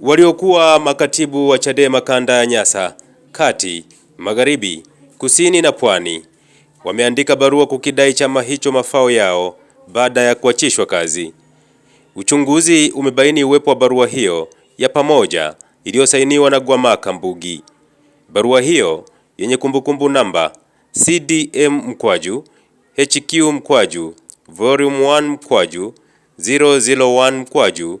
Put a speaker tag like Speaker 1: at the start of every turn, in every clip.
Speaker 1: Waliokuwa makatibu wa Chadema kanda ya Nyasa kati, magharibi, kusini na pwani wameandika barua kukidai chama hicho mafao yao baada ya kuachishwa kazi. Uchunguzi umebaini uwepo wa barua hiyo ya pamoja iliyosainiwa na Gwamaka Mbugi. Barua hiyo yenye kumbukumbu namba CDM mkwaju HQ mkwaju volume 1 mkwaju 001 mkwaju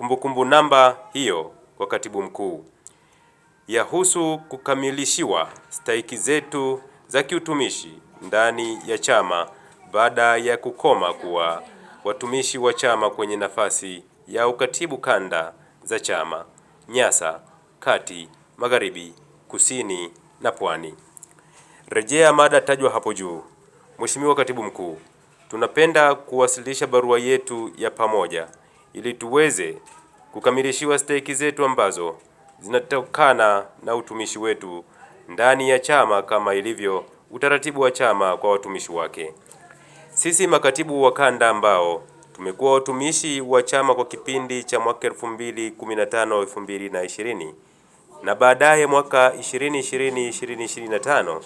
Speaker 1: Kumbukumbu namba hiyo kwa Katibu Mkuu yahusu kukamilishiwa stahiki zetu za kiutumishi ndani ya chama baada ya kukoma kuwa watumishi wa chama kwenye nafasi ya ukatibu kanda za chama Nyasa, Kati, Magharibi, Kusini na Pwani. Rejea mada tajwa hapo juu. Mheshimiwa Katibu Mkuu, tunapenda kuwasilisha barua yetu ya pamoja ili tuweze kukamilishiwa stake zetu ambazo zinatokana na utumishi wetu ndani ya chama kama ilivyo utaratibu wa chama kwa watumishi wake. Sisi makatibu wa kanda ambao tumekuwa watumishi wa chama kwa kipindi cha mwaka 2015 2020 na baadaye mwaka 2020 2025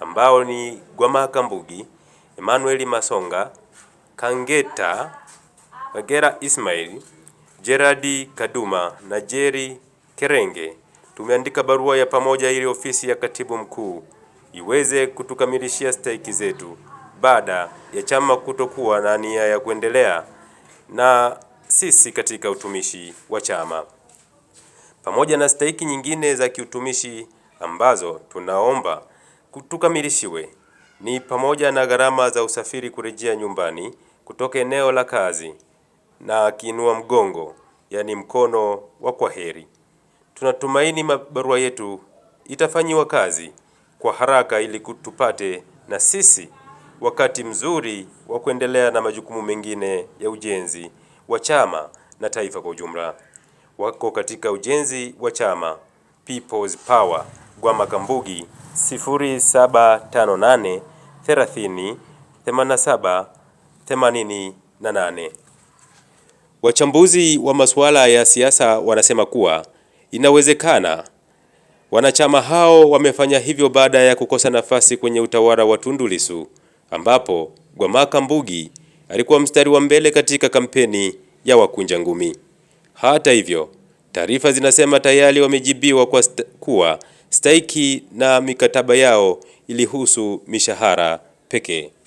Speaker 1: ambao ni Gwamaka Mbugi, Emmanuel Masonga, Kangeta Kagera Ismail, Gerard Kaduma na Jerry Kerenge tumeandika barua ya pamoja ili ofisi ya katibu mkuu iweze kutukamilishia stahiki zetu baada ya chama kutokuwa na nia ya kuendelea na sisi katika utumishi wa chama pamoja na stahiki nyingine za kiutumishi ambazo tunaomba tukamilishiwe ni pamoja na gharama za usafiri kurejea nyumbani kutoka eneo la kazi na akiinua mgongo, yaani mkono wa kwaheri. Tunatumaini barua yetu itafanyiwa kazi kwa haraka ili tupate na sisi wakati mzuri wa kuendelea na majukumu mengine ya ujenzi wa chama na taifa kwa ujumla. Wako katika ujenzi wa chama People's Power, Gwama Kambugi 0758 30 87 88.
Speaker 2: Wachambuzi wa masuala ya siasa wanasema kuwa inawezekana wanachama hao wamefanya hivyo baada ya kukosa nafasi kwenye utawala wa Tundu Lissu ambapo Gwamaka Mbugi alikuwa mstari wa mbele katika kampeni ya wakunja ngumi. Hata hivyo, taarifa zinasema tayari wamejibiwa kwa st kuwa staiki na mikataba yao ilihusu mishahara pekee.